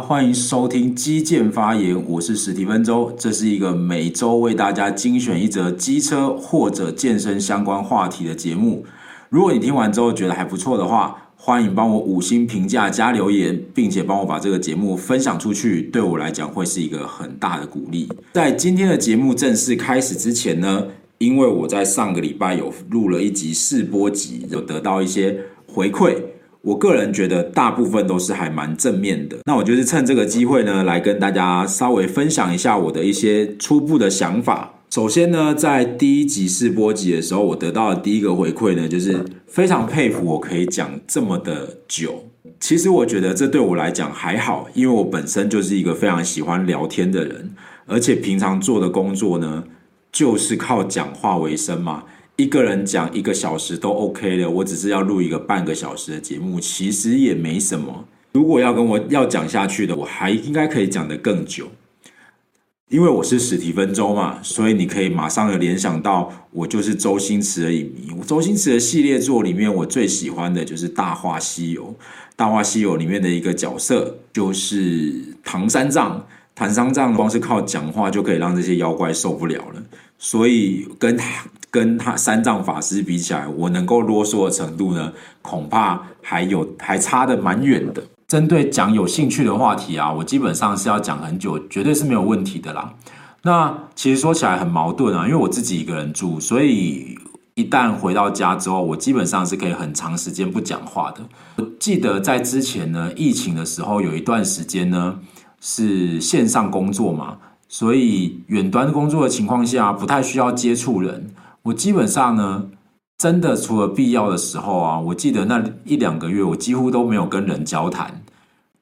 歡迎收聽機健發言，我是史蒂芬周。這是一個每周為大家精選一則機車或者健身相關話題的節目。如果你聽完之後覺得還不錯的話，歡迎幫我五星評價加留言，並且幫我把這個節目分享出去，對我來講會是一個很大的鼓勵。在今天的節目正式開始之前呢，因為我在上個禮拜有錄了一集試播集，有得到一些回饋。我個人覺得大部分都是還蠻正面的。那我就是趁這個機會呢，來跟大家稍微分享一下我的一些初步的想法。首先呢，在第一集試播集的時候，我得到的第一個回饋呢，就是非常佩服我可以講這麼的久。其實我覺得這對我來講還好，因為我本身就是一個非常喜歡聊天的人，而且平常做的工作呢，就是靠講話為生嘛。一個人講一個小時都 OK 的，我只是要錄一個半個小時的節目，其實也沒什麼。如果要跟我要講下去的，我還應該可以講得更久，因為我是史蒂芬周嘛，所以你可以馬上聯想到我就是周星馳的影迷。周星馳的系列作裡面，我最喜歡的就是《大話西遊》。《大話西遊》裡面的一個角色就是唐三藏，唐三藏光是靠講話就可以讓這些妖怪受不了了，所以跟跟他三藏法師比起來，我能夠囉嗦的程度呢，恐怕還有還差得蠻遠的。針對講有興趣的話題啊，我基本上是要講很久，絕對是沒有問題的啦。那其實說起來很矛盾啊，因為我自己一個人住，所以一旦回到家之後，我基本上是可以很長時間不講話的。我記得在之前呢，疫情的時候有一段時間呢是線上工作嘛，所以遠端工作的情況下不太需要接觸人。我基本上呢，真的除了必要的時候啊，我記得那一兩個月，我幾乎都沒有跟人交談。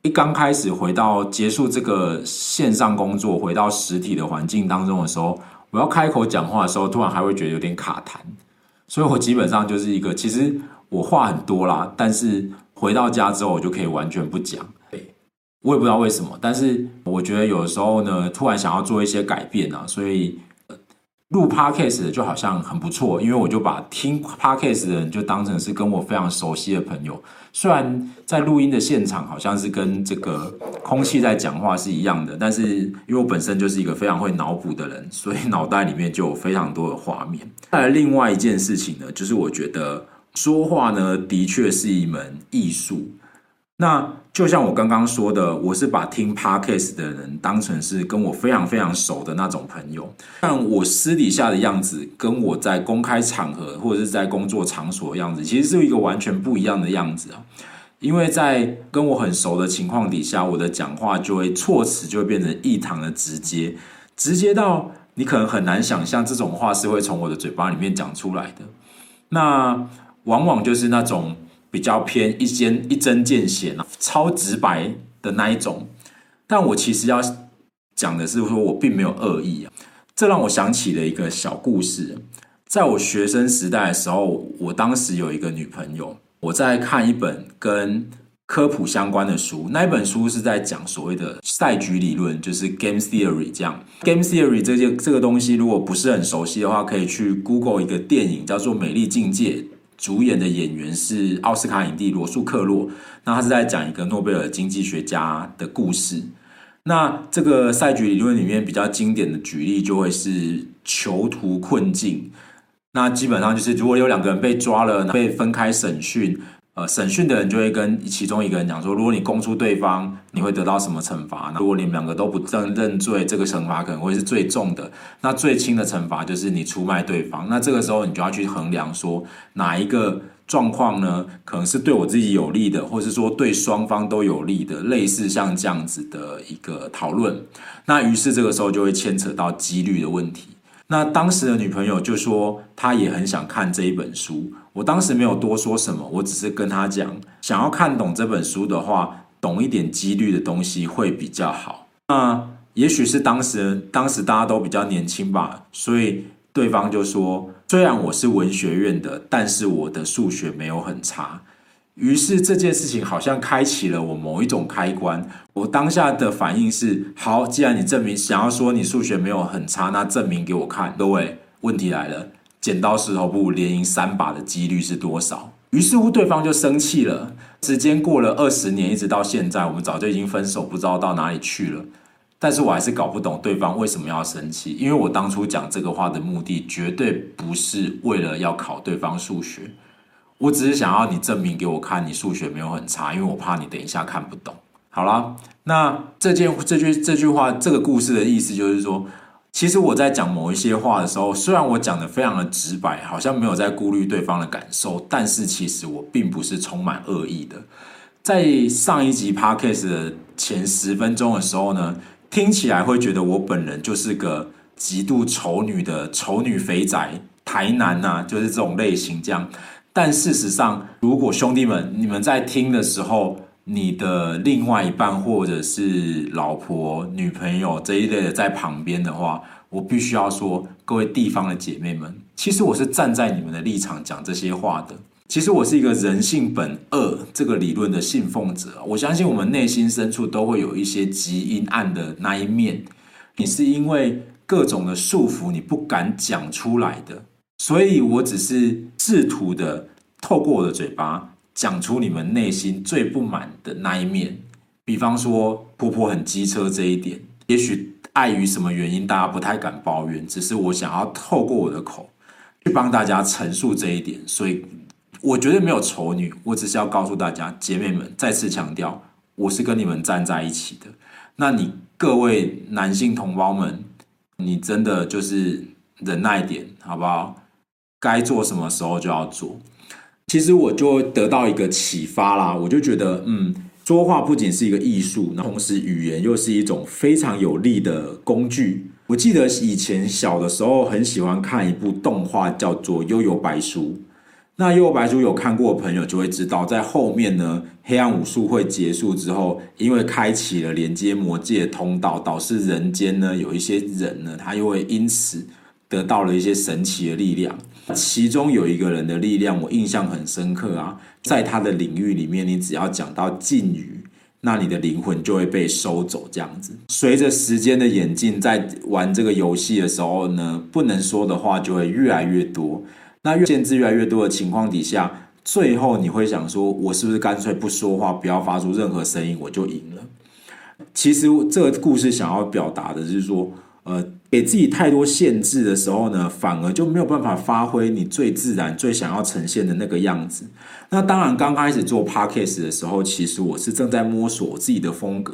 一剛開始回到結束這個線上工作，回到實體的環境當中的時候，我要開口講話的時候，突然還會覺得有點卡痰。所以我基本上就是一個，其實我話很多啦，但是回到家之後，我就可以完全不講。我也不知道為什麼，但是我覺得有時候呢，突然想要做一些改變啊，所以。錄 Podcast 的就好像很不錯，因為我就把聽 Podcast 的人就當成是跟我非常熟悉的朋友。雖然在錄音的現場好像是跟這個空氣在講話是一樣的，但是因為我本身就是一個非常會腦補的人，所以腦袋裡面就有非常多的畫面。再來另外一件事情呢，就是我覺得說話呢，的確是一門藝術。那就像我剛剛說的，我是把聽 Podcast 的人當成是跟我非常非常熟的那種朋友，但我私底下的樣子跟我在公開場合或者是在工作場所的樣子，其實是一個完全不一樣的樣子啊。因為在跟我很熟的情況底下，我的講話就會措辭就會變成異常的直接，直接到你可能很難想象這種話是會從我的嘴巴裡面講出來的。那往往就是那種。比較偏一針一針見血呢、啊，超直白的那一種。但我其實要講的是，說我並沒有惡意啊。這讓我想起了一個小故事，在我學生時代的時候，我當時有一個女朋友，我在看一本跟科普相關的書，那一本書是在講所謂的賽局理論，就是 Game Theory 這樣。Game Theory 這件、個、這個東西，如果不是很熟悉的話，可以去 Google 一個電影叫做《美麗境界》。主演的演員是奧斯卡影帝羅素克洛，那他是在講一個諾貝爾經濟學家的故事。那這個賽局理論裡面比較經典的舉例就會是囚徒困境。那基本上就是如果有兩個人被抓了，被分開審訊。呃，審訊的人就會跟其中一個人講說，如果你供出對方，你會得到什麼懲罰呢？如果你們兩個都不認認罪，這個懲罰可能會是最重的。那最輕的懲罰就是你出賣對方。那這個時候你就要去衡量說，哪一個狀況呢，可能是對我自己有利的，或是說對雙方都有利的，類似像這樣子的一個討論。那於是這個時候就會牽扯到幾率的問題。那當時的女朋友就說，她也很想看這一本書。我當時沒有多說什麼，我只是跟他講，想要看懂這本書的話，懂一點幾率的東西會比較好。那也許是當時，當時大家都比較年輕吧，所以對方就說，雖然我是文學院的，但是我的數學沒有很差。於是這件事情好像開啟了我某一種開關。我當下的反應是，好，既然你證明想要說你數學沒有很差，那證明給我看。各位，問題來了。剪刀石頭布連贏三把的幾率是多少？於是乎，對方就生氣了。時間過了二十年，一直到現在，我們早就已經分手，不知道到哪裡去了。但是我還是搞不懂對方為什麼要生氣，因為我當初講這個話的目的，絕對不是為了要考對方數學，我只是想要你證明給我看，你數學沒有很差，因為我怕你等一下看不懂。好啦，那這件、這句、這句話、這個故事的意思就是說。其實我在講某一些話的時候，雖然我講得非常的直白，好像沒有在顧慮對方的感受，但是其實我並不是充滿惡意的。在上一集 Podcast 的前十分鐘的時候呢，聽起來會覺得我本人就是個極度醜女的醜女肥宅、台男吶、啊，就是這種類型這樣。但事實上，如果兄弟們你們在聽的時候，你的另外一半，或者是老婆、女朋友這一類的在旁邊的話，我必須要說，各位地方的姐妹們，其實我是站在你們的立場講這些話的。其實我是一個人性本惡這個理論的信奉者，我相信我們內心深處都會有一些極陰暗的那一面。你是因為各種的束縛，你不敢講出來的，所以我只是試圖的透過我的嘴巴。講出你們內心最不滿的那一面，比方說婆婆很機車這一點，也許礙於什麼原因，大家不太敢抱怨。只是我想要透過我的口，去幫大家陳述這一點。所以，我絕對沒有醜女，我只是要告訴大家，姐妹們，再次強調，我是跟你們站在一起的。那你各位男性同胞們，你真的就是忍耐一點，好不好？該做什麼時候就要做。其實我就得到一個啟發啦，我就覺得，嗯，說話不僅是一個藝術，那同時語言又是一種非常有力的工具。我記得以前小的時候很喜歡看一部動畫，叫做《幽遊白書》。那《幽遊白書》有看過的朋友就會知道，在後面呢，黑暗武術會結束之後，因為開啟了連接魔界通道，導致人間呢有一些人呢，他又會因此得到了一些神奇的力量。其中有一個人的力量，我印象很深刻啊！在他的領域裡面，你只要講到禁語，那你的靈魂就會被收走。這樣子，隨着時間的演進，在玩這個遊戲的時候呢，不能說的話就會越來越多。那越限制越來越多的情況底下，最後你會想說，我是不是乾脆不說話，不要發出任何聲音，我就贏了。其實這個故事想要表達的是說，呃。給自己太多限制的時候呢，反而就沒有辦法發揮你最自然、最想要呈現的那個樣子。那當然，剛開始做 podcast 的時候，其實我是正在摸索我自己的風格。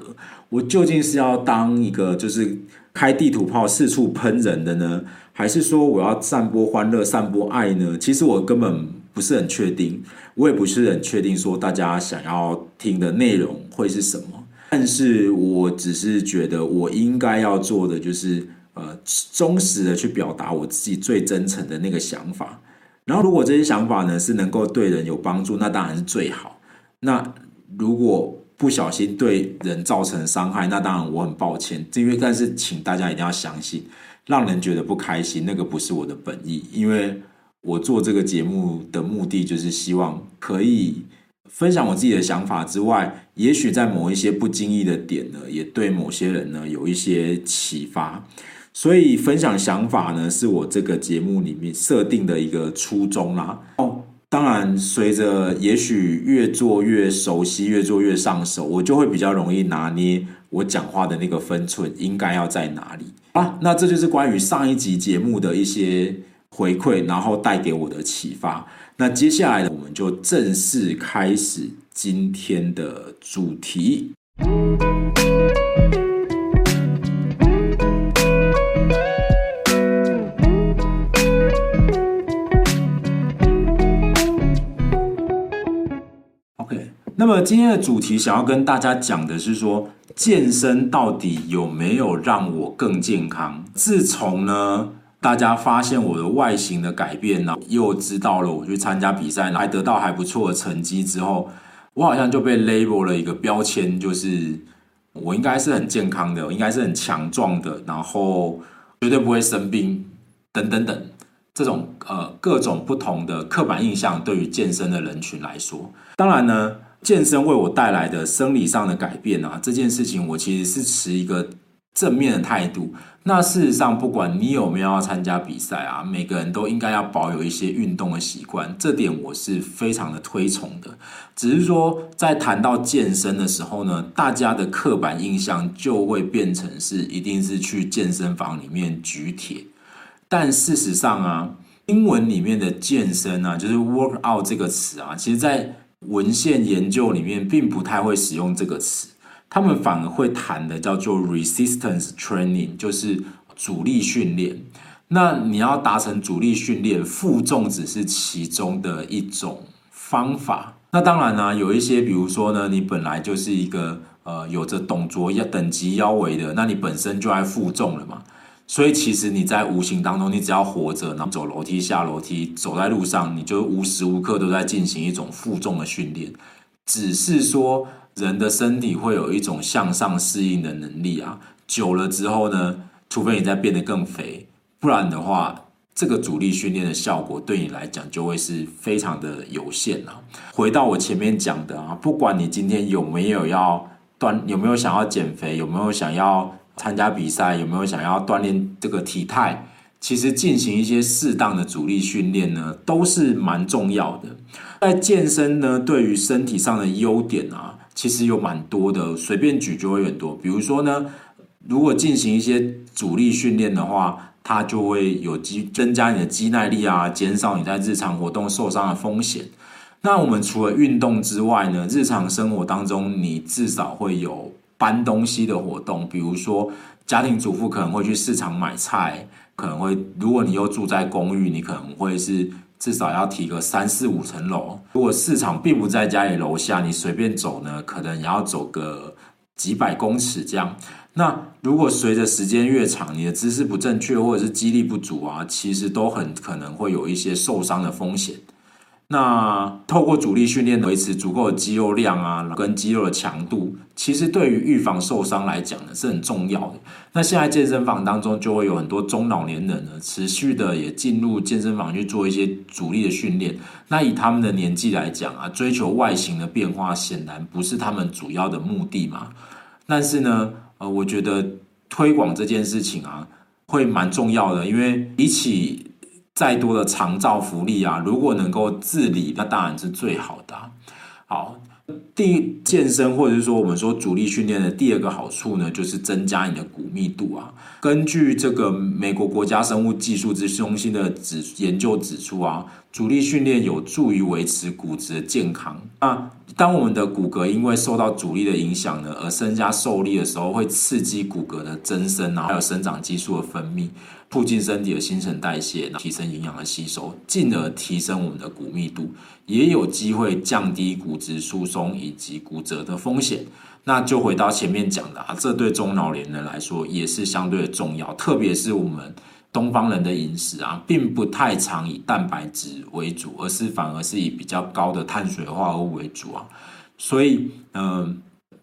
我究竟是要當一個就是開地圖炮、四處噴人的呢？還是說我要散播歡樂、散播愛呢？其實我根本不是很確定，我也不是很確定說大家想要聽的內容會是什麼。但是我只是覺得，我應該要做的就是。呃，忠實的去表達我自己最真誠的那個想法。然後，如果這些想法呢是能夠對人有幫助，那當然是最好。那如果不小心對人造成傷害，那當然我很抱歉。因為，但是請大家一定要相信，讓人覺得不開心，那個不是我的本意。因為我做這個節目的目的，就是希望可以分享我自己的想法之外，也許在某一些不經意的點呢，也對某些人呢有一些啟發。所以分享想法呢，是我這個節目裡面設定的一個初衷啦。哦，當然，隨着也許越做越熟悉，越做越上手，我就會比較容易拿捏我講話的那個分寸應該要在哪裡。好，那這就是關於上一集節目的一些回饋，然後帶給我的啟發。那接下來呢，我們就正式開始今天的主題。那麼今天的主題想要跟大家講的是說，健身到底有沒有讓我更健康？自從呢，大家發現我的外形的改變呢，然後又知道了我去參加比賽，還得到還不錯的成績之後，我好像就被 label 了一個標籤，就是我應該是很健康的，我應該是很強壯的，然後絕對不會生病等等等，這種呃各種不同的刻板印象對於健身的人群來說，當然呢。健身為我帶來的生理上的改變啊，這件事情我其實是持一個正面的態度。那事實上，不管你有沒有要參加比賽啊，每個人都應該要保有一些運動的習慣，這點我是非常的推崇的。只是說，在談到健身的時候呢，大家的刻板印象就會變成是一定是去健身房裡面舉鐵，但事實上啊，英文裡面的健身啊，就是 work out 這個詞啊，其實在。文獻研究裡面並不太會使用這個詞，他們反而會談的叫做 resistance training，就是阻力訓練。那你要達成阻力訓練，負重只是其中的一種方法。那當然啦，有一些比如說呢，你本來就是一個呃有着董卓等級腰圍的，那你本身就愛負重了嘛。所以，其實你在無形當中，你只要活着，然後走樓梯、下樓梯、走在路上，你就無時無刻都在進行一種負重的訓練。只是說，人的身體會有一種向上適應的能力啊。久了之後呢，除非你再變得更肥，不然的話，這個阻力訓練的效果對你來講就會是非常的有限了啊。回到我前面講的啊，不管你今天有沒有要鍛，有沒有想要減肥，有沒有想要。參加比賽有沒有想要鍛鍊這個體態？其實進行一些適當的阻力訓練呢，都是蠻重要的。在健身呢，對於身體上的優點啊，其實有蠻多的，隨便舉就會有很多。比如說呢，如果進行一些阻力訓練的話，它就會有肌增加你的肌耐力啊，減少你在日常活動受傷的風險。那我們除了運動之外呢，日常生活當中你至少會有。搬東西的活動，比如說家庭主婦可能會去市場買菜，可能會如果你又住在公寓，你可能會是至少要提個三四五層樓。如果市場並不在家裡樓下，你隨便走呢，可能也要走個幾百公尺這樣。那如果隨着時間越長，你的姿勢不正確或者是肌力不足啊，其實都很可能會有一些受傷的風險。那透過阻力訓練維持足夠的肌肉量啊，跟肌肉的強度，其實對於預防受傷來講呢，是很重要的。那現在健身房當中就會有很多中老年人呢，持續的也進入健身房去做一些阻力的訓練。那以他們的年紀來講啊，追求外形的變化顯然不是他們主要的目的嘛。但是呢，呃，我覺得推廣這件事情啊，會蠻重要的，因為比起。再多的長照福利啊，如果能夠自理，那當然是最好的。好，第一，健身或者是說我們說阻力訓練的第二個好處呢，就是增加你的骨密度啊。根據這個美國國家生物技術資訊中心的指研究指出啊。阻力訓練有助於維持骨質的健康。那、啊、當我們的骨骼因為受到阻力的影響呢，而增加受力的時候，會刺激骨骼的增生，然後還有生長激素的分泌，促進身體的新陳代謝，提升營養的吸收，進而提升我們的骨密度，也有機會降低骨質疏鬆以及骨折的風險。那就回到前面講的啊，這對中老年人來說也是相對的重要，特別是我們。東方人的飲食啊，並不太常以蛋白質為主，而是反而是以比較高的碳水化合物為主啊。所以，嗯、呃，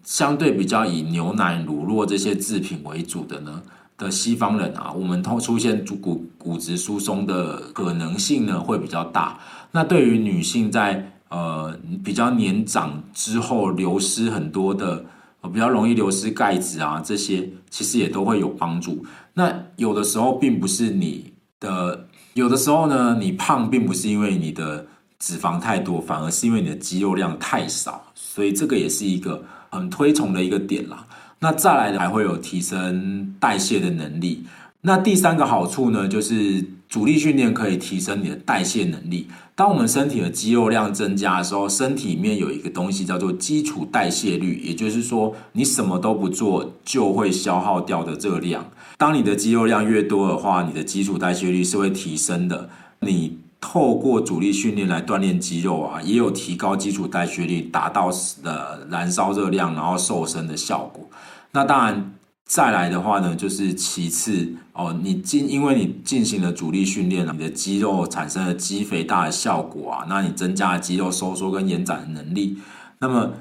相對比較以牛奶、乳酪這些制品為主的呢的西方人啊，我們通出現骨骨骨質疏鬆的可能性呢會比較大。那對於女性在呃比較年長之後流失很多的，比較容易流失鈣質啊這些，其實也都會有幫助。那有的時候並不是你的，有的時候呢，你胖並不是因為你的脂肪太多，反而是因為你的肌肉量太少。所以這個也是一個很推崇的一個點啦。那再來還會有提升代謝的能力。那第三個好處呢，就是阻力訓練可以提升你的代謝能力。當我們身體的肌肉量增加的時候，身體裡面有一個東西叫做基礎代謝率，也就是說你什麼都不做就會消耗掉的熱量。當你的肌肉量越多的話，你的基礎代謝率是會提升的。你透過阻力訓練來鍛鍊肌肉啊，也有提高基礎代謝率，達到的燃燒熱量，然後瘦身的效果。那當然，再來的話呢，就是其次哦，你進因為你進行了阻力訓練了，你的肌肉產生了肌肥大的效果啊，那你增加了肌肉收縮跟延展的能力，那麼。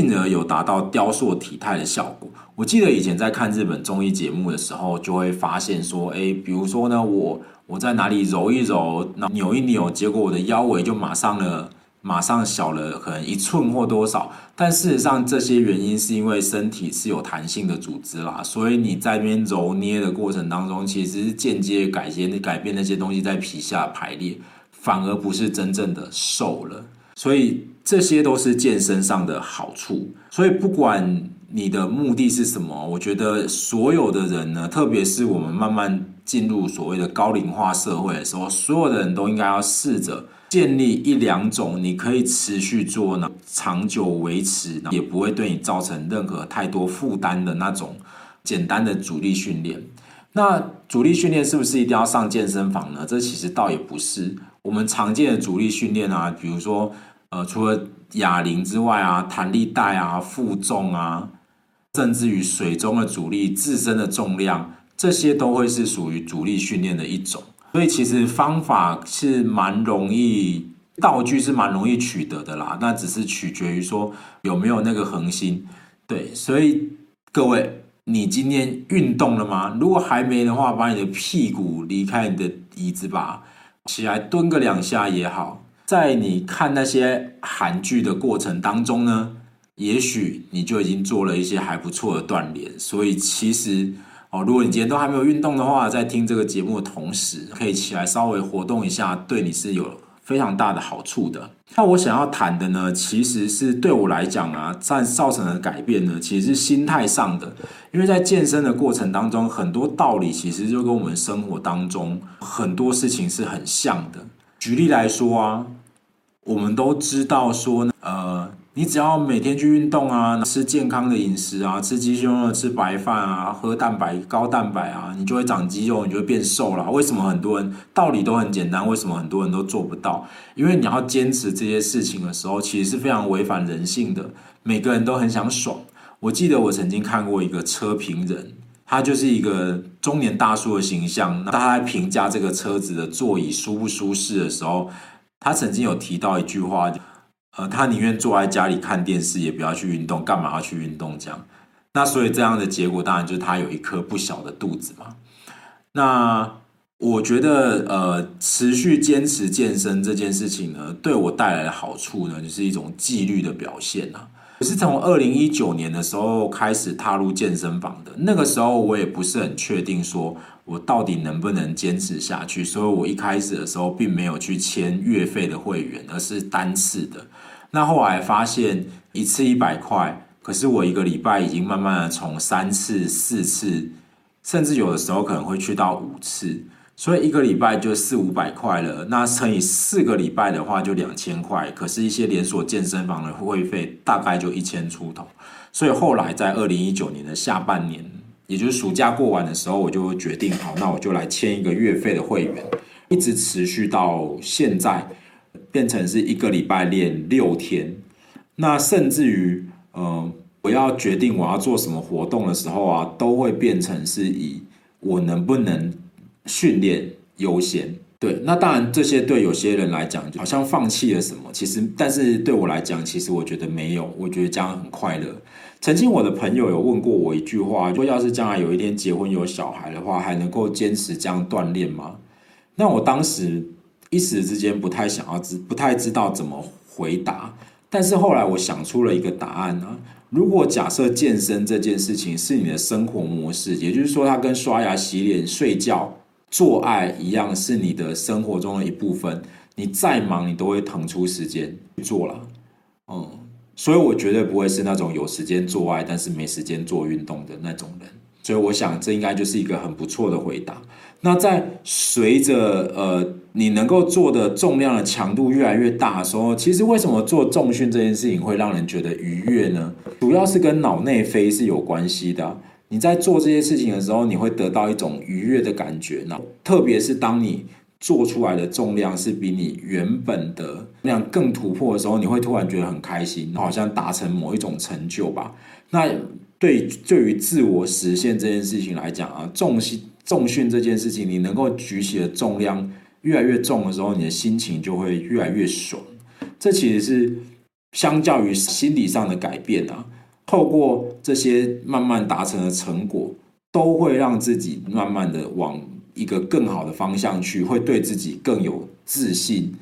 進而有達到雕塑體態的效果。我記得以前在看日本綜藝節目的時候，就會發現說，哎、欸，比如說呢，我我在哪裡揉一揉、扭一扭，結果我的腰圍就馬上了，馬上小了，可能一寸或多少。但事實上，這些原因是因為身體是有彈性的組織啦，所以你在那邊揉捏的過程當中，其實是間接改變、改變那些東西在皮下排列，反而不是真正的瘦了，所以。這些都是健身上的好處，所以不管你的目的是什麼，我覺得所有的人呢，特別是我們慢慢進入所謂的高齡化社會的時候，所有的人都應該要試着建立一兩種你可以持續做呢、長久維持，也不會對你造成任何太多負擔的那種簡單的阻力訓練。那阻力訓練是不是一定要上健身房呢？這其實倒也不是，我們常見的阻力訓練啊，比如說。呃，除了啞鈴之外啊，彈力帶啊，負重啊，甚至於水中的阻力、自身的重量，這些都會是屬於阻力訓練的一種。所以，其實方法是蠻容易，道具是蠻容易取得的啦。那只是取決於說有沒有那個恆心。對，所以各位，你今天運動了嗎？如果還沒的話，把你的屁股離開你的椅子吧，起來蹲個兩下也好。在你看那些韓劇的過程當中呢，也許你就已經做了一些還不錯的鍛鍊。所以其實哦，如果你今天都還沒有運動的話，在聽這個節目的同時，可以起來稍微活動一下，對你是有非常大的好處的。那我想要談的呢，其實是對我來講啊，在造成的改變呢，其實是心態上的。因為在健身的過程當中，很多道理其實就跟我們生活當中很多事情是很像的。舉例來說啊。我們都知道說呃，你只要每天去運動啊，吃健康的飲食啊，吃雞胸肉、吃白飯啊，喝蛋白、高蛋白啊，你就會長肌肉，你就會變瘦啦，為什麼很多人，道理都很簡單，為什麼很多人都做不到？因為你要堅持這些事情的時候，其實是非常違反人性的。每個人都很想爽。我記得我曾經看過一個車評人，他就是一個中年大叔的形象。那他在評價這個車子的座椅舒不舒適的時候，他曾經有提到一句話，呃，他寧願坐在家裡看電視，也不要去運動，幹嘛要去運動？這樣，那所以這樣的結果，當然就是他有一顆不小的肚子嘛。那我覺得，呃，持續堅持健身這件事情呢，對我帶來的好處呢，就是一種紀律的表現啊。我是從二零一九年的時候開始踏入健身房的，那個時候我也不是很確定說。我到底能不能堅持下去？所以，我一開始的時候並沒有去簽月費的會員，而是單次的。那後來發現一次一百塊，可是我一個禮拜已經慢慢的從三次、四次，甚至有的時候可能會去到五次，所以一個禮拜就四五百塊了。那乘以四個禮拜的話，就兩千塊。可是，一些連鎖健身房的會費大概就一千出頭。所以，後來在二零一九年的下半年。也就是暑假過完的時候，我就決定好，那我就來簽一個月費的會員，一直持續到現在，變成是一個禮拜練六天。那甚至於，嗯、呃，我要決定我要做什麼活動的時候啊，都會變成是以我能不能訓練優先。對，那當然這些對有些人來講就好像放棄了什麼，其實，但是對我來講，其實我覺得沒有，我覺得這樣很快樂。曾經我的朋友有問過我一句話，說要是將來有一天結婚有小孩的話，還能夠堅持這樣鍛鍊嗎？那我當時一時之間不太想要知，不太知道怎麼回答。但是後來我想出了一個答案呢，啊，如果假設健身這件事情是你的生活模式，也就是說它跟刷牙、洗臉、睡覺、做愛一樣，是你的生活中的一部分，你再忙你都會騰出時間去做了。嗯。所以，我絕對不會是那種有時間做愛，但是沒時間做運動的那種人。所以，我想這應該就是一個很不錯的回答。那在隨着呃你能夠做的重量的強度越來越大的時候，其實為什麼做重訓這件事情會讓人覺得愉悅呢？主要是跟腦內啡是有關係的啊。你在做這些事情的時候，你會得到一種愉悅的感覺呢，特別是當你。做出來的重量是比你原本的那樣更突破的時候，你會突然覺得很開心，好像達成某一種成就吧。那對，對於自我實現這件事情來講啊，重訓重訓這件事情，你能夠舉起的重量越來越重的時候，你的心情就會越來越爽。這其實是相較於心理上的改變啊，透過這些慢慢達成的成果，都會讓自己慢慢的往。一個更好的方向去，會對自己更有自信，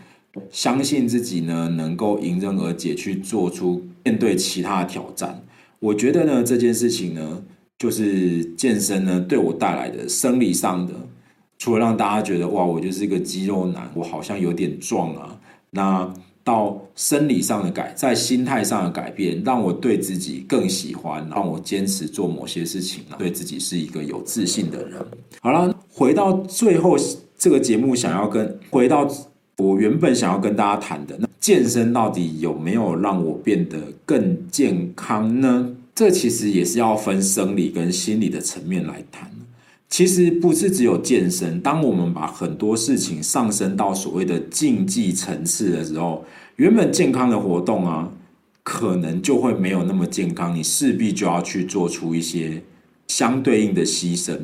相信自己呢，能夠迎刃而解，去做出面對其他的挑戰。我覺得呢，這件事情呢，就是健身呢，對我帶來的生理上的，除了讓大家覺得哇，我就是一個肌肉男，我好像有點壯啊，那到生理上的改，在心態上的改變，讓我對自己更喜歡，讓我堅持做某些事情，對自己是一個有自信的人。好了。回到最後，這個節目想要跟回到我原本想要跟大家談的，那健身到底有沒有讓我變得更健康呢？這其實也是要分生理跟心理的層面來談。其實不是只有健身，當我們把很多事情上升到所謂的競技層次的時候，原本健康的活動啊，可能就會沒有那麼健康，你勢必就要去做出一些相對應的犧牲。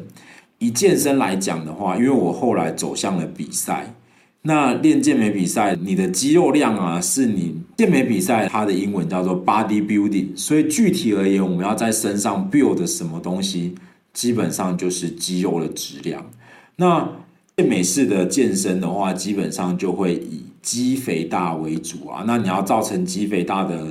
以健身來講的話，因為我後來走向了比賽，那練健美比賽，你的肌肉量啊，是你健美比賽它的英文叫做 body building，所以具體而言，我們要在身上 build 什麼東西，基本上就是肌肉的質量。那健美式的健身的話，基本上就會以肌肥大為主啊。那你要造成肌肥大的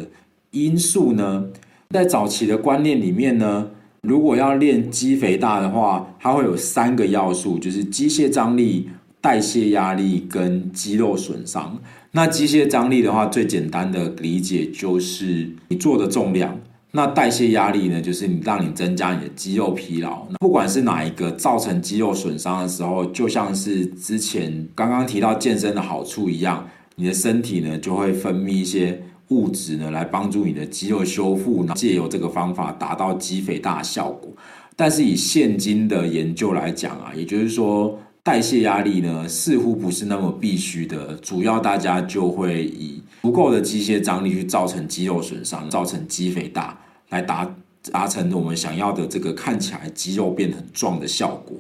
因素呢，在早期的觀念裡面呢。如果要練肌肥大的話，它會有三個要素，就是機械張力、代謝壓力跟肌肉損傷。那機械張力的話，最簡單的理解就是你做的重量。那代謝壓力呢，就是你讓你增加你的肌肉疲勞。那不管是哪一個造成肌肉損傷的時候，就像是之前剛剛提到健身的好處一樣，你的身體呢就會分泌一些。物質呢，來幫助你的肌肉修復，然後借由這個方法達到肌肥大效果。但是以現今的研究來講啊，也就是說代謝壓力呢，似乎不是那麼必須的。主要大家就會以足夠的機械張力去造成肌肉損傷，造成肌肥大，來達達成我們想要的這個看起來肌肉變很壯的效果。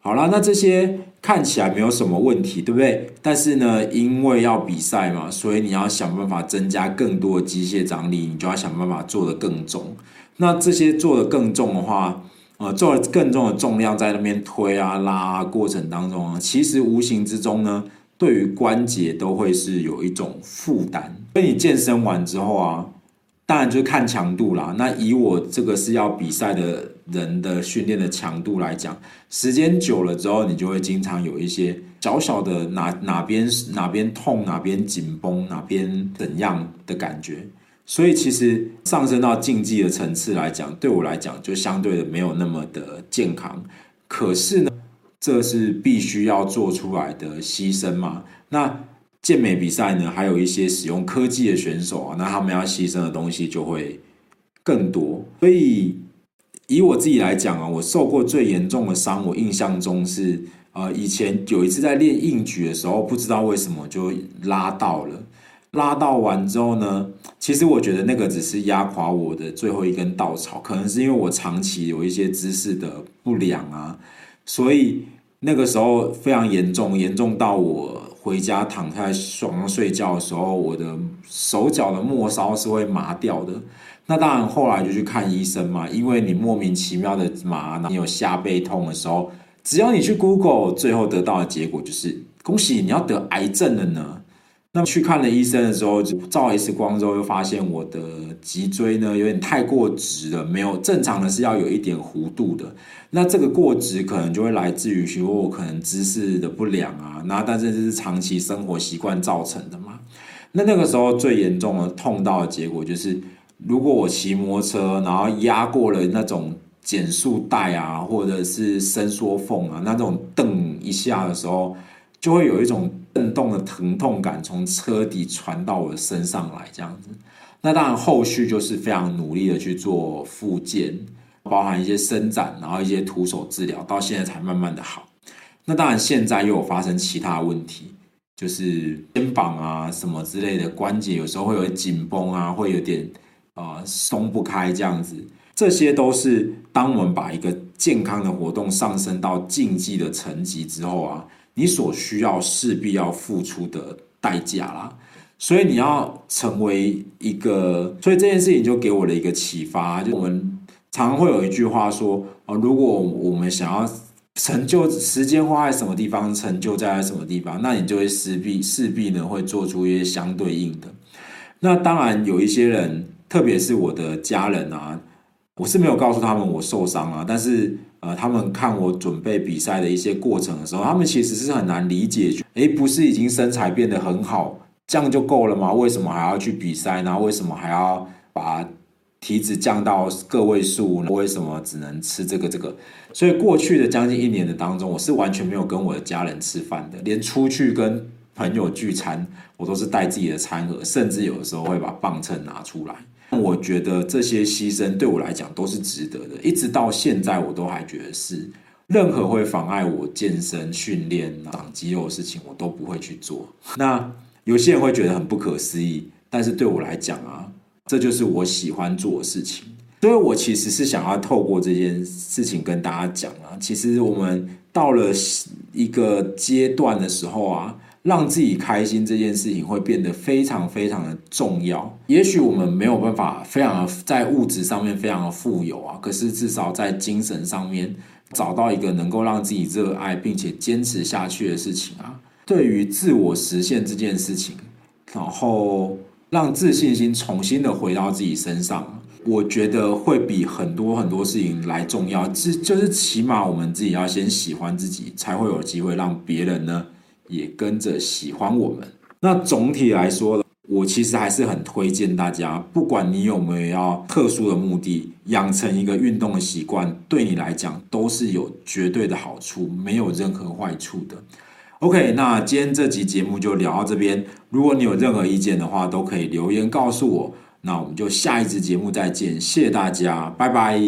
好啦，那這些看起來沒有什麼問題，對不對？但是呢，因為要比賽嘛，所以你要想辦法增加更多的機械張力，你就要想辦法做得更重。那這些做得更重的話，呃，做的更重的重量在那邊推啊，拉啊過程當中啊，其實無形之中呢，對於關節都會是有一種負擔。所以你健身完之後啊，當然就看強度啦。那以我這個是要比賽的。人的訓練的強度來講，時間久了之後，你就會經常有一些小小的哪哪邊哪邊痛，哪邊緊繃，哪邊怎樣的感覺。所以其實上升到競技的層次來講，對我來講就相對的沒有那麼的健康。可是呢，這是必須要做出來的犧牲嘛？那健美比賽呢，還有一些使用科技的選手啊，那他們要犧牲的東西就會更多。所以。以我自己來講啊，我受過最嚴重的傷，我印象中是，呃，以前有一次在練硬舉的時候，不知道為什麼就拉到了，拉到完之後呢，其實我覺得那個只是壓垮我的最後一根稻草，可能是因為我長期有一些姿勢的不良啊，所以那個時候非常嚴重，嚴重到我回家躺在床上睡覺的時候，我的手腳的末梢是會麻掉的。那當然，後來就去看醫生嘛，因為你莫名其妙的麻，那你有下背痛的時候，只要你去 Google，最後得到的結果就是恭喜你要得癌症了呢。那麼去看了醫生的時候，就照 X 光之後又發現我的脊椎呢有點太過直了，沒有正常的，是要有一點弧度的。那這個過直可能就會來自於說，我可能姿勢的不良啊，那但是這是長期生活習慣造成的嘛。那那個時候最嚴重的痛到的結果就是。如果我騎摩托車，然後壓過了那種減速帶啊，或者是伸縮縫啊，那種蹬一下的時候，就會有一種震動的疼痛感從車底傳到我的身上來，這樣子。那當然，後續就是非常努力的去做復健，包含一些伸展，然後一些徒手治療，到現在才慢慢的好。那當然，現在又有發生其他問題，就是肩膀啊什麼之類的關節，有時候會有點緊繃啊，會有點。啊、呃，鬆不開這樣子，這些都是當我們把一個健康的活動上升到競技的層級之後啊，你所需要勢必要付出的代價啦。所以你要成為一個，所以這件事情就給我了一個啟發，就我們常會有一句話說：哦、呃，如果我們想要成就，時間花在什麼地方，成就在在什麼地方，那你就會勢必勢必呢會做出一些相對應的。那當然有一些人。特別是我的家人啊，我是沒有告訴他們我受傷了，啊，但是呃，他們看我準備比賽的一些過程的時候，他們其實是很難理解，誒、欸，不是已經身材變得很好，這樣就夠了嗎？為什麼還要去比賽呢？為什麼還要把體脂降到個位數呢？為什麼只能吃這個這個？所以過去的將近一年的當中，我是完全沒有跟我的家人吃飯的，連出去跟。朋友聚餐，我都是帶自己的餐盒，甚至有的時候會把磅秤拿出來。我覺得這些犧牲對我來講都是值得的。一直到現在，我都還覺得是任何會妨礙我健身訓練長肌肉的事情，我都不會去做。那有些人會覺得很不可思議，但是對我來講啊，這就是我喜歡做的事情。所以我其實是想要透過這件事情跟大家講啊，其實我們到了一個階段的時候啊。讓自己開心這件事情會變得非常非常的重要。也許我們沒有辦法非常的在物質上面非常的富有啊，可是至少在精神上面找到一個能夠讓自己熱愛並且堅持下去的事情啊。對於自我實現這件事情，然後讓自信心重新的回到自己身上，我覺得會比很多很多事情來重要。這就是起碼我們自己要先喜歡自己，才會有機會讓別人呢。也跟着喜歡我們。那總體來說呢，我其實還是很推薦大家，不管你有沒有要特殊的目的，養成一個運動的習慣，對你來講都是有絕對的好處，沒有任何壞處的。OK，那今天這集節目就聊到這邊。如果你有任何意見的話，都可以留言告訴我。那我們就下一次節目再見，謝謝大家，拜拜。